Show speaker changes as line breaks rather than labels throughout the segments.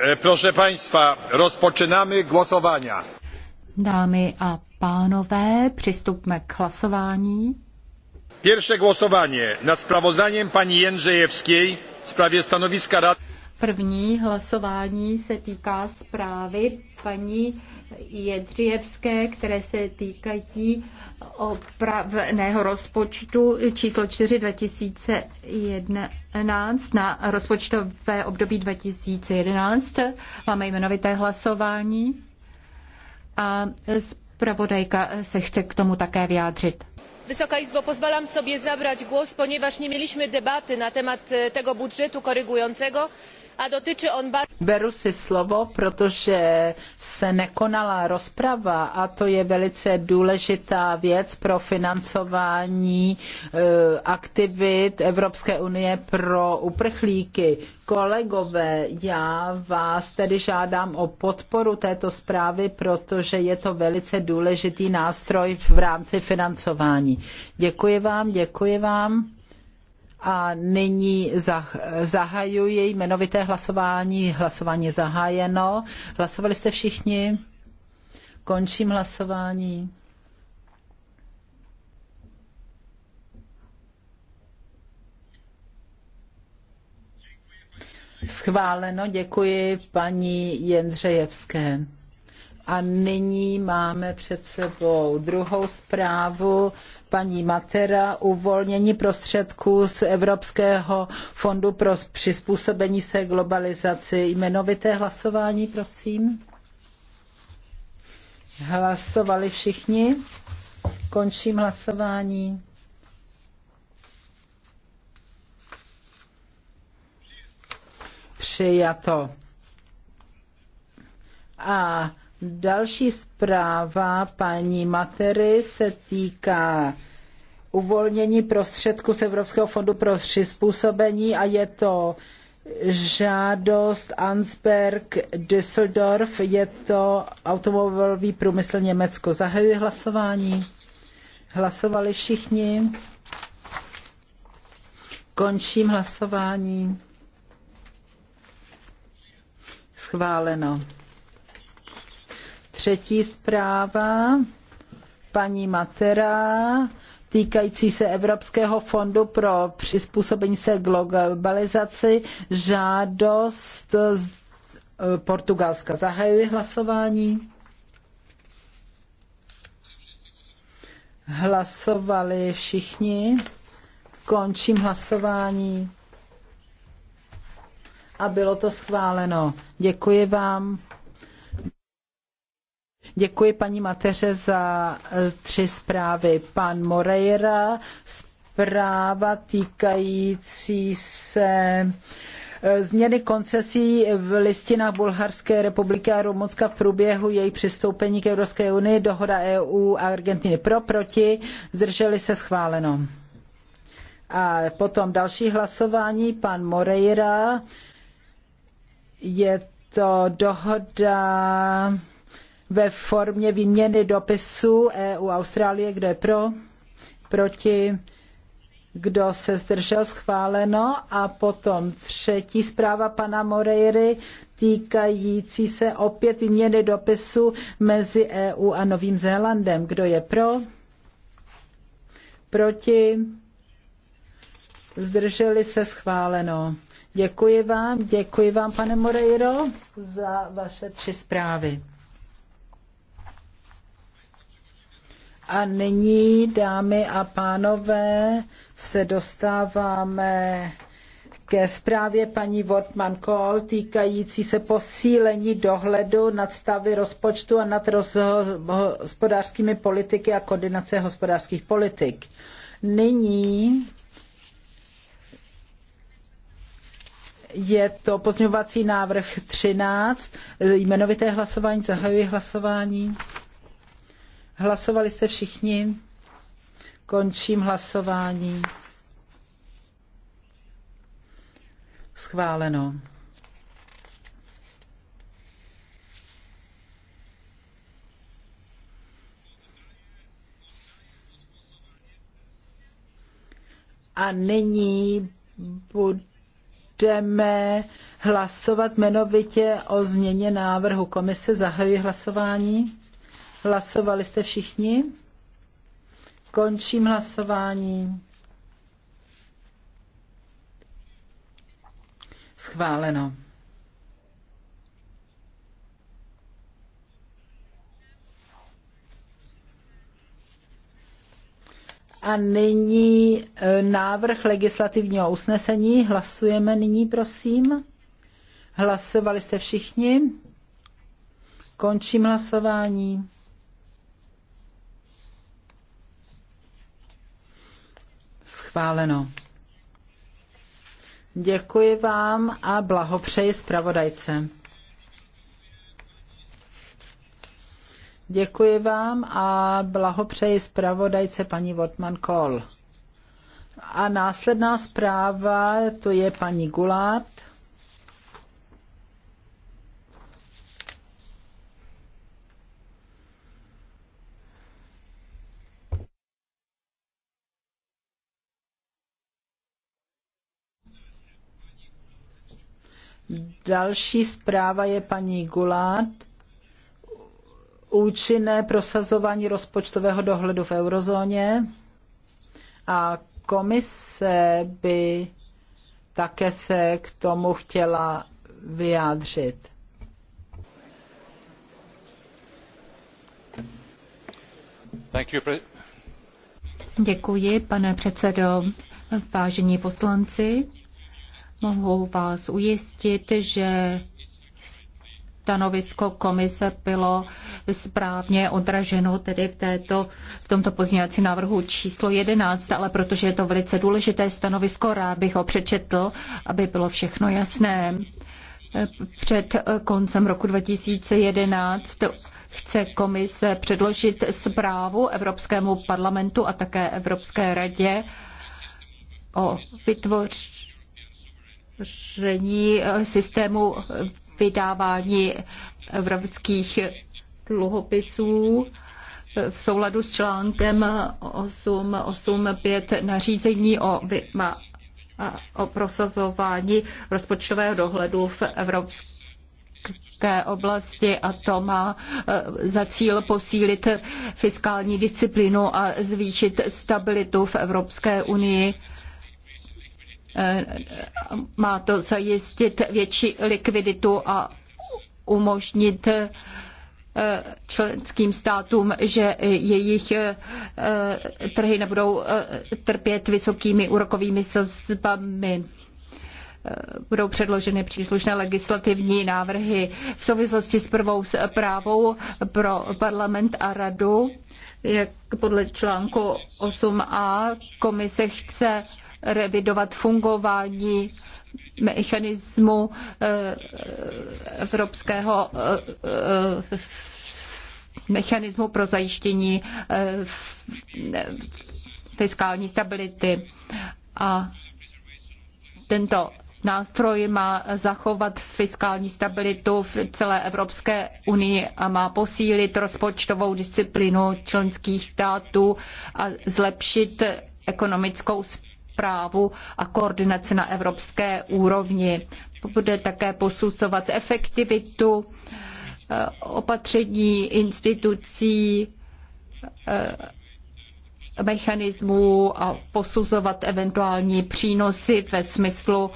E, proszę Państwa, rozpoczynamy głosowania.
Dámy a pánové, přistupme k hlasování.
Pierwsze głosowanie nad sprawozdaniem pani Jędrzejewskiej w sprawie stanowiska
Rady. První hlasování se týká zprávy paní Jedřijevské, které se týkají opravného rozpočtu číslo 4 2011 na rozpočtové období 2011. Máme jmenovité hlasování a zpravodajka se chce k tomu také vyjádřit wysoka izbo pozwalam sobie zabrać głos ponieważ nie mieliśmy debaty na temat e, tego budżetu korygującego a on...
Beru si slovo, protože se nekonala rozprava a to je velice důležitá věc pro financování eh, aktivit Evropské unie pro uprchlíky. Kolegové, já vás tedy žádám o podporu této zprávy, protože je to velice důležitý nástroj v rámci financování. Děkuji vám, děkuji vám. A nyní zahajuji jmenovité hlasování. Hlasování je zahájeno. Hlasovali jste všichni? Končím hlasování. Schváleno, děkuji paní Jendřejevské. A nyní máme před sebou druhou zprávu paní Matera, uvolnění prostředků z Evropského fondu pro přizpůsobení se globalizaci. Jmenovité hlasování, prosím. Hlasovali všichni. Končím hlasování. Přijato. A Další zpráva paní Matery se týká uvolnění prostředků z Evropského fondu pro přizpůsobení a je to žádost Ansberg Düsseldorf, je to automobilový průmysl Německo. Zahajuji hlasování. Hlasovali všichni. Končím hlasování. Schváleno. Třetí zpráva paní Matera týkající se Evropského fondu pro přizpůsobení se globalizaci žádost z Portugalska. Zahajuji hlasování. Hlasovali všichni. Končím hlasování. A bylo to schváleno. Děkuji vám. Děkuji paní Mateře za eh, tři zprávy. Pan Moreira, zpráva týkající se eh, změny koncesí v listinách Bulharské republiky a Rumunska v průběhu její přistoupení k Evropské unii, dohoda EU a Argentiny pro, proti, zdrželi se schváleno. A potom další hlasování, pan Moreira, je to dohoda ve formě výměny dopisů EU Austrálie, je pro, proti, kdo se zdržel schváleno a potom třetí zpráva pana Moreiry týkající se opět výměny dopisu mezi EU a Novým Zélandem. Kdo je pro? Proti? Zdrželi se schváleno. Děkuji vám, děkuji vám, pane Moreiro, za vaše tři zprávy. A nyní, dámy a pánové, se dostáváme ke zprávě paní Wortmann Kohl týkající se posílení dohledu nad stavy rozpočtu a nad hospodářskými politiky a koordinace hospodářských politik. Nyní je to pozměňovací návrh 13. Jmenovité hlasování, zahajuji hlasování. Hlasovali jste všichni? Končím hlasování. Schváleno. A nyní budeme hlasovat jmenovitě o změně návrhu komise. Zahajuji hlasování. Hlasovali jste všichni? Končím hlasování. Schváleno. A nyní e, návrh legislativního usnesení. Hlasujeme nyní, prosím. Hlasovali jste všichni? Končím hlasování. Schváleno. Děkuji vám a blahopřeji zpravodajce. Děkuji vám a blahopřeji zpravodajce paní Wortmann Kohl. A následná zpráva, to je paní Gulát. Další zpráva je paní Gulát. Účinné prosazování rozpočtového dohledu v eurozóně a komise by také se k tomu chtěla
vyjádřit. Děkuji, pane předsedo. Vážení poslanci, Mohu vás ujistit, že stanovisko komise bylo správně odraženo tedy v, této, v tomto pozměňovacím návrhu číslo 11, ale protože je to velice důležité stanovisko, rád bych ho přečetl, aby bylo všechno jasné. Před koncem roku 2011 chce komise předložit zprávu Evropskému parlamentu a také Evropské radě o vytvoření vytvoření eh, systému vydávání evropských dluhopisů eh, v souladu s článkem 885 nařízení o, vyma, o prosazování rozpočtového dohledu v Evropské té oblasti a to má eh, za cíl posílit fiskální disciplínu a zvýšit stabilitu v Evropské unii. Eh, má to zajistit větší likviditu a umožnit eh, členským státům, že jejich eh, trhy nebudou trpět vysokými úrokovými sazbami budou předloženy příslušné legislativní návrhy v souvislosti s prvou zprávou pro parlament a radu. Jak podle článku 8a komise chce revidovat fungování mechanismu eh, evropského eh, eh, mechanismu pro zajištění fiskální stability. A tento nástroj má zachovat fiskální stabilitu v celé Evropské unii a má posílit rozpočtovou disciplínu členských států a zlepšit ekonomickou právu a koordinaci na evropské úrovni. Bude také posuzovat efektivitu eh, opatření institucí, eh, mechanismů a posuzovat eventuální přínosy ve smyslu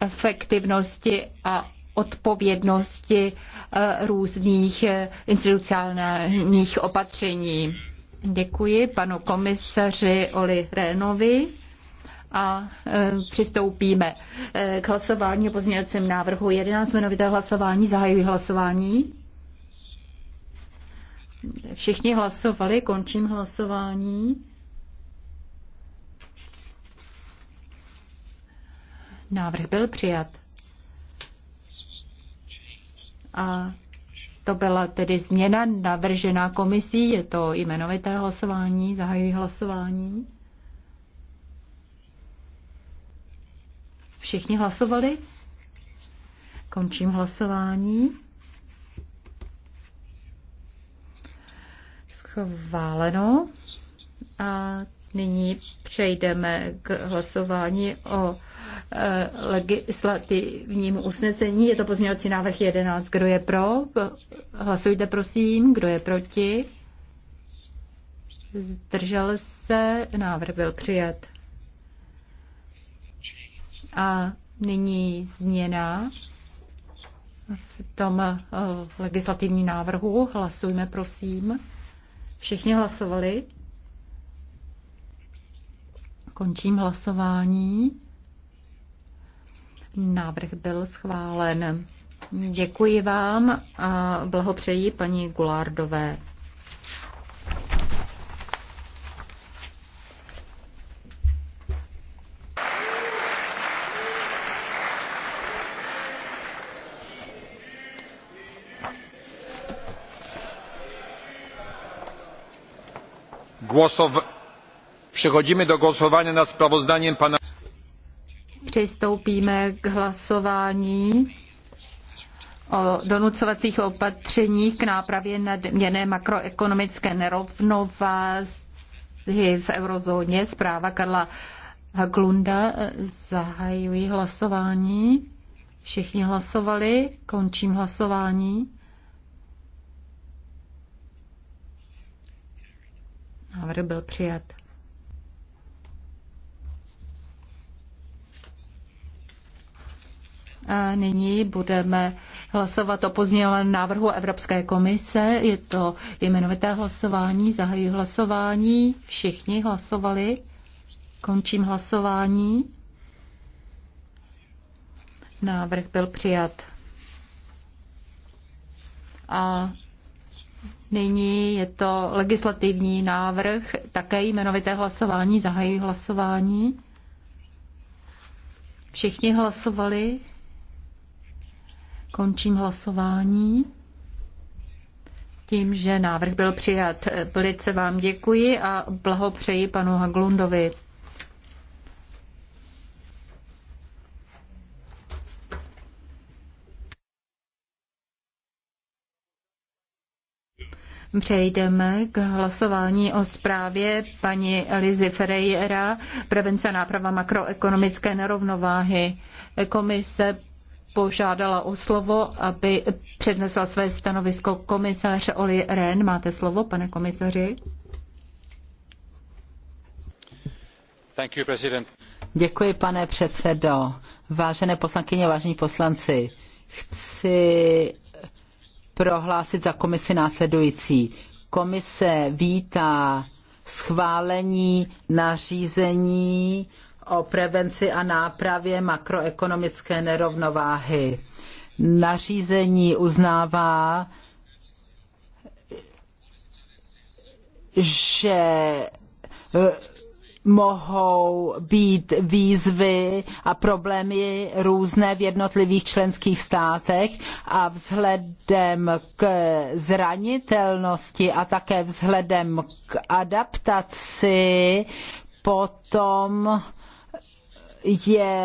efektivnosti a odpovědnosti eh, různých institucionálních opatření. Děkuji panu komisaři Oli Rénovi a e, přistoupíme e, k hlasování o pozměňovacím návrhu 11 jmenovité hlasování. Zahajuji hlasování. Všichni hlasovali, končím hlasování. Návrh byl přijat. A to byla tedy změna navržená komisí, je to jmenovité hlasování, zahajuji hlasování. Všichni hlasovali? Končím hlasování. Schváleno. A nyní přejdeme k hlasování o e, legislativním usnesení. Je to pozměňovací návrh 11. Kdo je pro? Hlasujte prosím. Kdo je proti? Zdržel se. Návrh byl přijat. A nyní změna v tom eh, legislativním návrhu. Hlasujme, prosím. Všichni hlasovali. Končím hlasování. Návrh byl schválen. Děkuji vám a blahopřeji paní Gulardové. Přechodíme do nad pana... Přistoupíme k hlasování o donucovacích opatřeních k nápravě nadměrné makroekonomické nerovnováhy v eurozóně. Zpráva Karla Haglunda. Zahajuji hlasování. Všichni hlasovali. Končím hlasování. Návrh byl přijat. A nyní budeme hlasovat o pozměněném návrhu Evropské komise. Je to jmenovité hlasování. Zahajuji hlasování. Všichni hlasovali. Končím hlasování. Návrh byl přijat. A Nyní je to legislativní návrh, také jmenovité hlasování. zahajují hlasování. Všichni hlasovali. Končím hlasování. Tím, že návrh byl přijat. Velice vám děkuji a blahopřeji panu Haglundovi. Přejdeme k hlasování o zprávě paní Lizy Ferreira, prevence náprava makroekonomické nerovnováhy. Komise požádala o slovo, aby přednesla své stanovisko komisař Oli Ren. Máte slovo, pane komisaři. Thank you,
Děkuji, pane předsedo. Vážené poslankyně, vážení poslanci, chci prohlásit za komisi následující. Komise vítá schválení nařízení o prevenci a nápravě makroekonomické nerovnováhy. Nařízení uznává, že mohou být výzvy a problémy různé v jednotlivých členských státech a vzhledem k zranitelnosti a také vzhledem k adaptaci potom je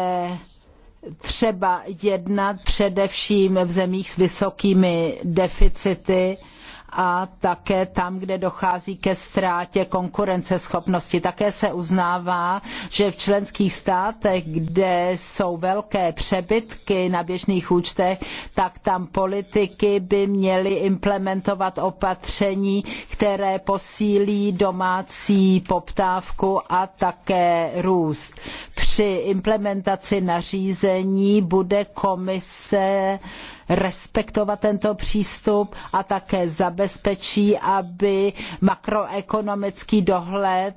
třeba jednat především v zemích s vysokými deficity, a také tam, kde dochází ke ztrátě konkurenceschopnosti. Také se uznává, že v členských státech, kde jsou velké přebytky na běžných účtech, tak tam politiky by měly implementovat opatření, které posílí domácí poptávku a také růst. Při implementaci nařízení bude komise respektovat tento přístup a také zabezpečí, aby makroekonomický dohled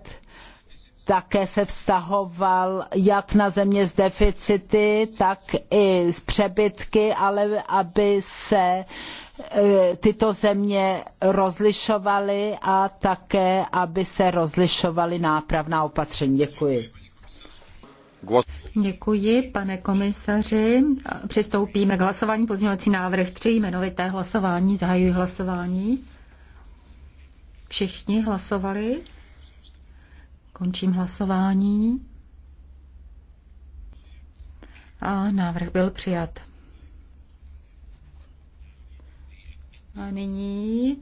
také se vztahoval jak na země s deficity, tak i s přebytky, ale aby se e, tyto země rozlišovaly a také, aby se rozlišovaly nápravná opatření. Děkuji.
Děkuji, pane komisaři. Přistoupíme k hlasování. Pozměňovací návrh 3, jmenovité hlasování. Zahajuji hlasování. Všichni hlasovali. Končím hlasování. A návrh byl přijat. A nyní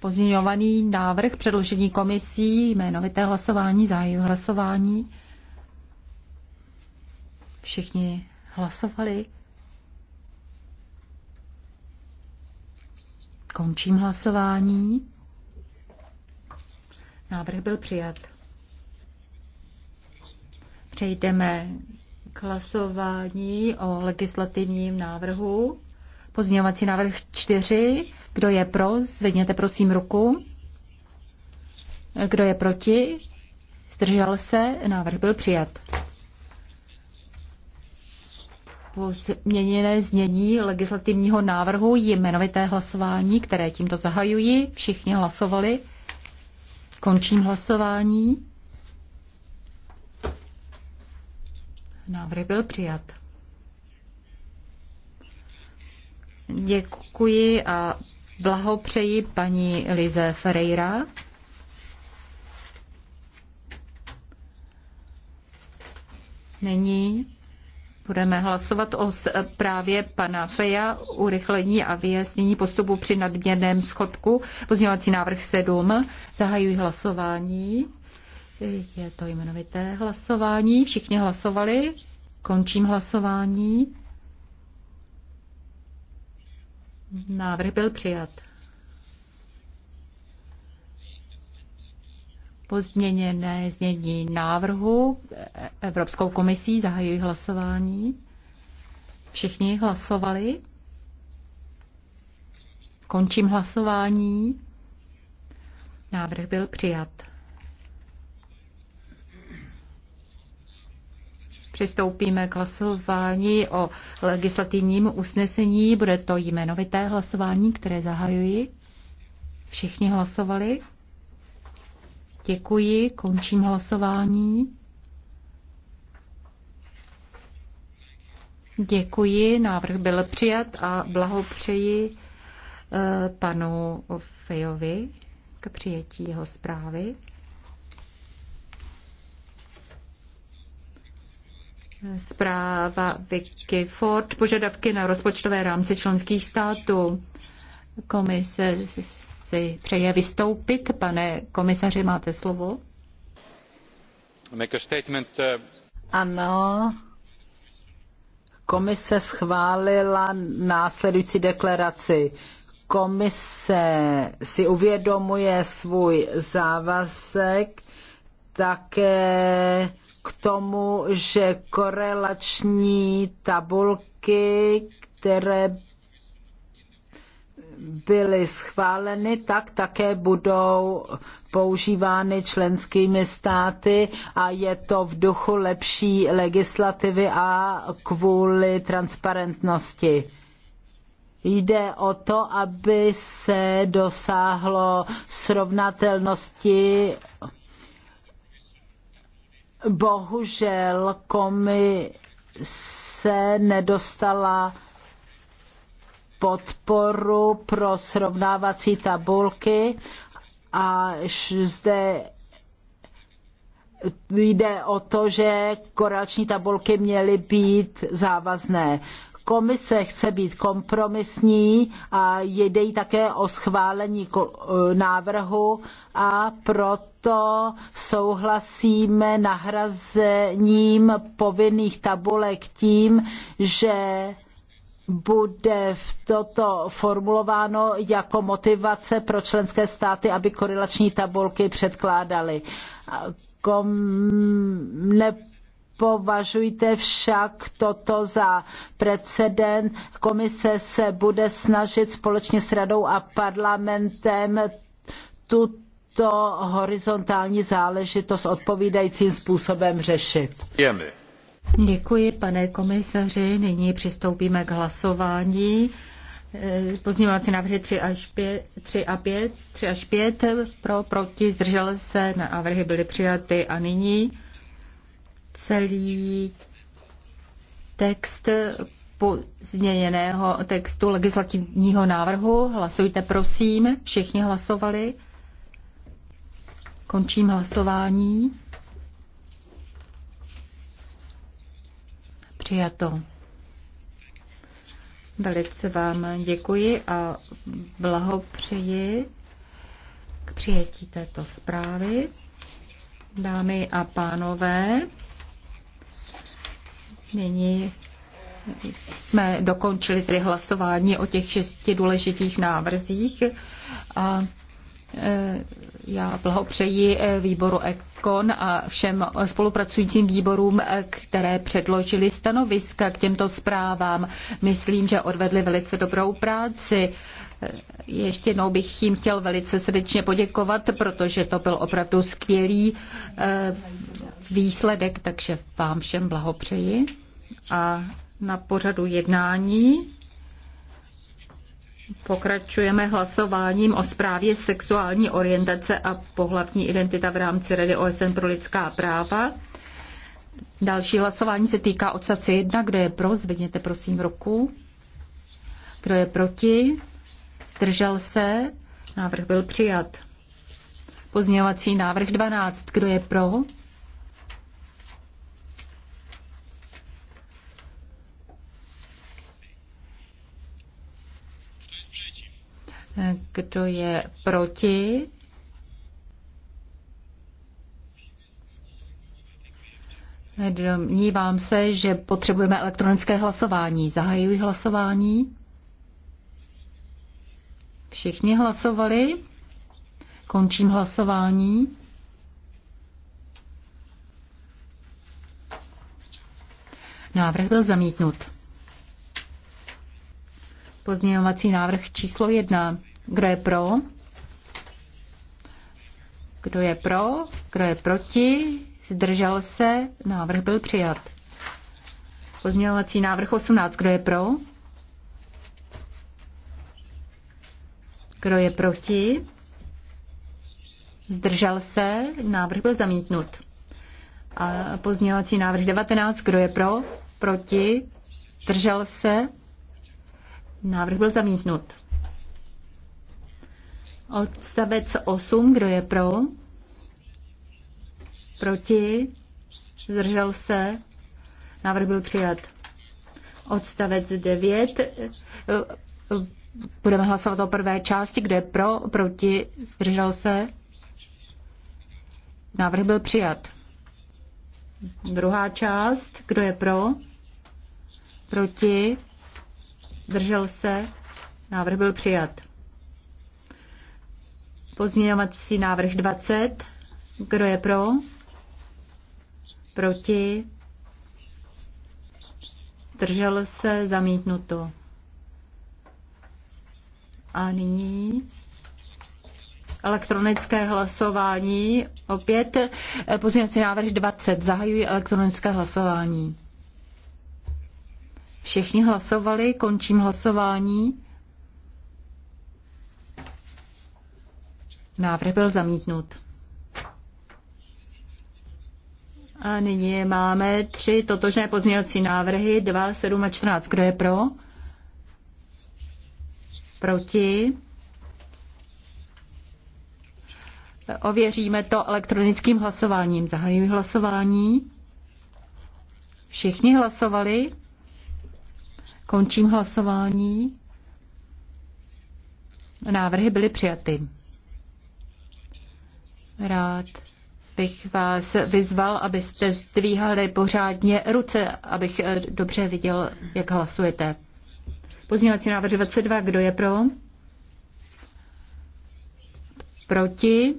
pozměňovaný návrh předložení komisí, jmenovité hlasování, zahajuji hlasování. Všichni hlasovali? Končím hlasování. Návrh byl přijat. Přejdeme k hlasování o legislativním návrhu. Pozměňovací návrh 4. Kdo je pro, zvedněte prosím ruku. Kdo je proti? Zdržel se? Návrh byl přijat změněné znění legislativního návrhu jmenovité hlasování, které tímto zahajují Všichni hlasovali. Končím hlasování. Návrh byl přijat. Děkuji a blahopřeji paní Lize Ferreira. Není Budeme hlasovat o právě pana Feja, urychlení a vyjasnění postupu při nadměrném schodku. Pozměňovací návrh 7. Zahajuji hlasování. Je to jmenovité hlasování. Všichni hlasovali. Končím hlasování. Návrh byl přijat. pozměněné znění návrhu Evropskou komisí. Zahajuji hlasování. Všichni hlasovali. Končím hlasování. Návrh byl přijat. Přistoupíme k hlasování o legislativním usnesení. Bude to jmenovité hlasování, které zahajuji. Všichni hlasovali. Děkuji, končím hlasování. Děkuji, návrh byl přijat a blahopřeji eh, panu Fejovi k přijetí jeho zprávy. Zpráva Vicky Ford, požadavky na rozpočtové rámce členských států. Komise si přeje vystoupit. Pane komisaři, máte slovo.
Make a statement,
uh, Ano. Komise schválila
následující deklaraci. Komise si uvědomuje svůj závazek také k tomu, že korelační tabulky, které byly schváleny, tak také budou používány členskými státy a je to v duchu lepší legislativy a kvůli transparentnosti. Jde o to, aby se dosáhlo srovnatelnosti. Bohužel komise nedostala podporu pro srovnávací tabulky a zde jde o to, že korelační tabulky měly být závazné. Komise chce být kompromisní a jde jí také o schválení návrhu a proto souhlasíme nahrazením povinných tabulek tím, že bude toto formulováno jako motivace pro členské státy, aby korelační tabulky předkládaly. Kom... Ne... Považujte však toto za precedent. Komise se bude snažit společně s radou a parlamentem tuto horizontální záležitost odpovídajícím způsobem řešit.
Děkuji, pane komisaři. Nyní přistoupíme k hlasování. Eh, pozměňovací návrhy 3 až 5, 3 a 5, 3 až 5 pro, proti, zdržel se, návrhy byly přijaty a nyní celý text pozměněného textu legislativního návrhu. Hlasujte, prosím. Všichni hlasovali. Končím hlasování. Přijato. Velice vám děkuji a blahopřeji k přijetí této zprávy. Dámy a pánové, nyní jsme dokončili tedy hlasování o těch šesti důležitých návrzích a já blahopřeji eh, výboru EKON a všem spolupracujícím výborům, eh, které předložili stanoviska k těmto zprávám. Myslím, že odvedli velice dobrou práci. Eh, ještě jednou bych jim chtěl velice srdečně poděkovat, protože to byl opravdu skvělý výsledek, takže vám všem blahopřeji. A na pořadu jednání Pokračujeme hlasováním o zprávě sexuální orientace a pohlavní identita v rámci Rady OSN pro lidská práva. Další hlasování se týká odstavce 1. Kdo je pro, zvedněte prosím ruku. Kdo je proti? Zdržel se? Návrh byl přijat. Pozměňovací návrh 12. Kdo je pro? Kdo je proti? Domnívám se, že potřebujeme elektronické hlasování. Zahajuji hlasování. Všichni hlasovali. Končím hlasování. Návrh byl zamítnut. Pozměňovací návrh číslo jedna. Kdo je pro? Kdo je pro? Kdo je proti? Zdržel se? Návrh byl přijat. Pozměňovací návrh 18. Kdo je pro? Kdo je proti? Zdržel se? Návrh byl zamítnut. A pozměňovací návrh 19. Kdo je pro? Proti? Zdržel se? Návrh byl zamítnut. Odstavec 8, kdo je pro? Proti? Zdržel se? Návrh byl přijat. Odstavec 9. Budeme hlasovat o prvé části, kdo je pro, proti, zdržel se. Návrh byl přijat. Druhá část, kdo je pro, proti, Zdržel se? Návrh byl přijat. Pozměňovací návrh 20. Kdo je pro? Proti? držel se? Zamítnuto. A nyní elektronické hlasování. Opět eh, pozměňovací návrh 20. Zahajuji elektronické hlasování. Všichni hlasovali, končím hlasování. Návrh byl zamítnut. A nyní máme tři totožné pozměňovací návrhy, 2, 7 a 14. Kdo je pro? Proti? Ověříme to elektronickým hlasováním. Zahajuji hlasování. Všichni hlasovali. Končím hlasování. Návrhy byly přijaty. Rád bych vás vyzval, abyste zdvíhali pořádně ruce, abych eh, dobře viděl, jak hlasujete. Pozměňovací návrh 22, kdo je pro? Proti?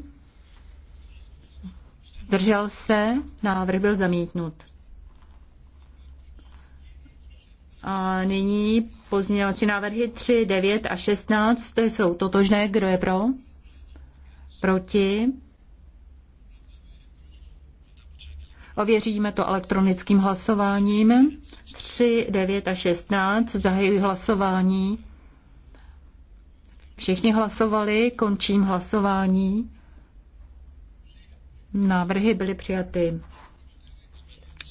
Držel se? Návrh byl zamítnut. A nyní pozměňovací návrhy 3, 9 a 16, to jsou totožné. Kdo je pro? Proti? Ověříme to elektronickým hlasováním. 3, 9 a 16. Zahajuji hlasování. Všichni hlasovali, končím hlasování. Návrhy byly přijaty.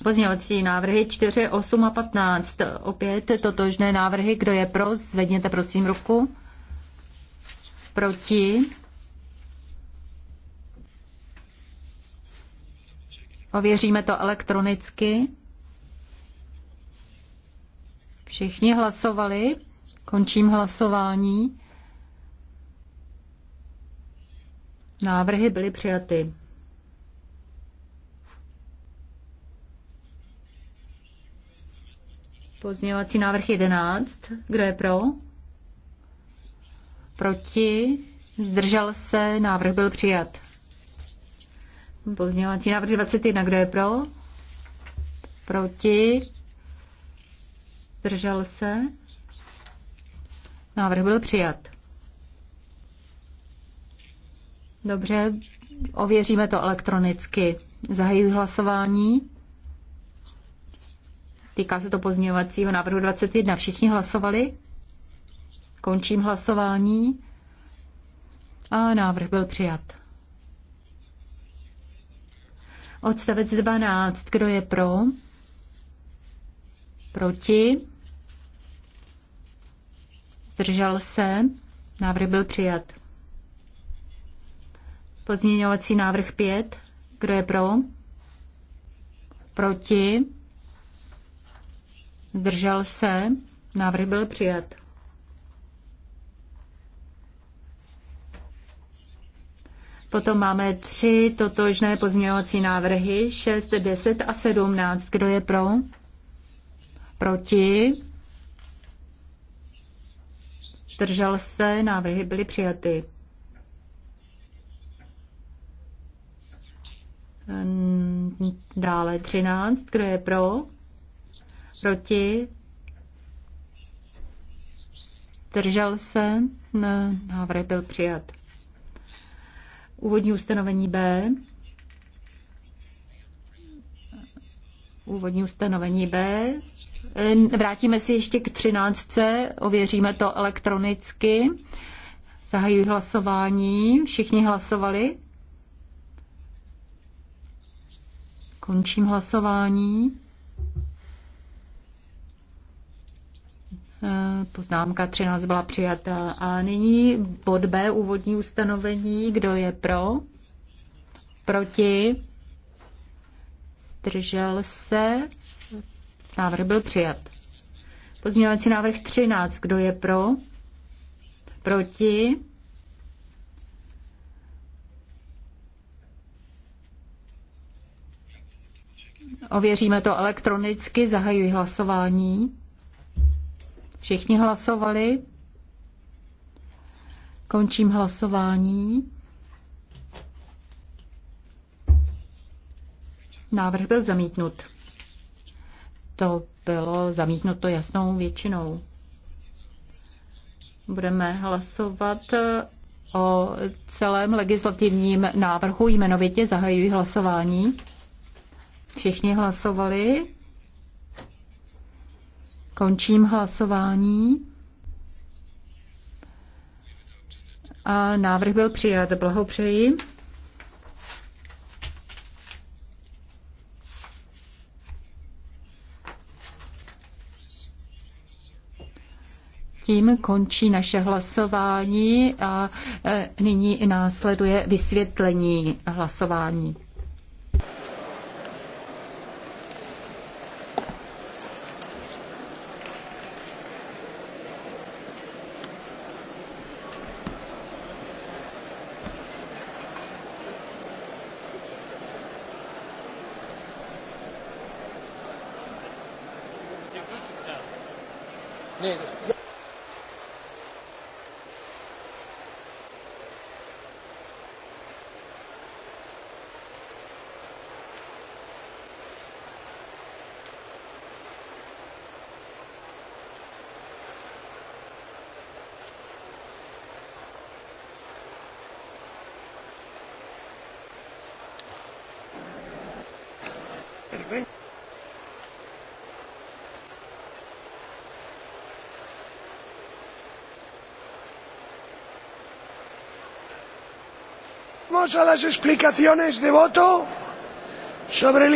Pozměňovací návrhy 4, 8 a 15. Opět totožné návrhy. Kdo je pro, zvedněte prosím ruku. Proti. Ověříme to elektronicky. Všichni hlasovali. Končím hlasování. Návrhy byly přijaty. Pozměňovací návrh 11. Kdo je pro? Proti? Zdržel se? Návrh byl přijat. Pozměňovací návrh 21. Kdo je pro? Proti? Zdržel se? Návrh byl přijat. Dobře, ověříme to elektronicky. Zahajuji hlasování. Týká se to pozměňovacího návrhu 21. Všichni hlasovali? Končím hlasování. A návrh byl přijat. Odstavec 12. Kdo je pro? Proti? Držel se? Návrh byl přijat. Pozměňovací návrh 5. Kdo je pro? Proti? Zdržel se? Návrh byl přijat. Potom máme tři totožné pozměňovací návrhy, 6, 10 a 17. Kdo je pro? Proti? Držel se, návrhy byly přijaty. Dále 13. Kdo je pro? proti, držel se, návrh byl přijat. Úvodní ustanovení B. Úvodní ustanovení B. Vrátíme se ještě k třináctce. Ověříme to elektronicky. Zahajuji hlasování. Všichni hlasovali. Končím hlasování. Poznámka 13 byla přijata. A nyní bod B, úvodní ustanovení. Kdo je pro? Proti? Zdržel se? Návrh byl přijat. Pozměňovací návrh 13. Kdo je pro? Proti? Ověříme to elektronicky. Zahajuji hlasování. Všichni hlasovali. Končím hlasování. Návrh byl zamítnut. To bylo zamítnuto jasnou většinou. Budeme hlasovat eh, o celém legislativním návrhu. Jmenovitě zahajují hlasování. Všichni hlasovali. Končím hlasování. A návrh byl přijat. Blahopřeji. tím končí naše hlasování a e, nyní následuje vysvětlení hlasování.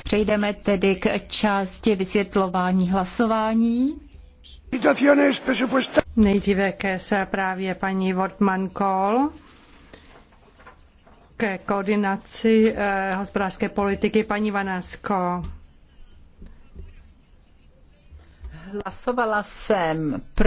Přejdeme tedy k části vysvětlování hlasování. Nejdříve ke se právě paní Wortmann Kohl ke koordinaci eh, hospodářské politiky paní Vanasko. Hlasovala jsem pro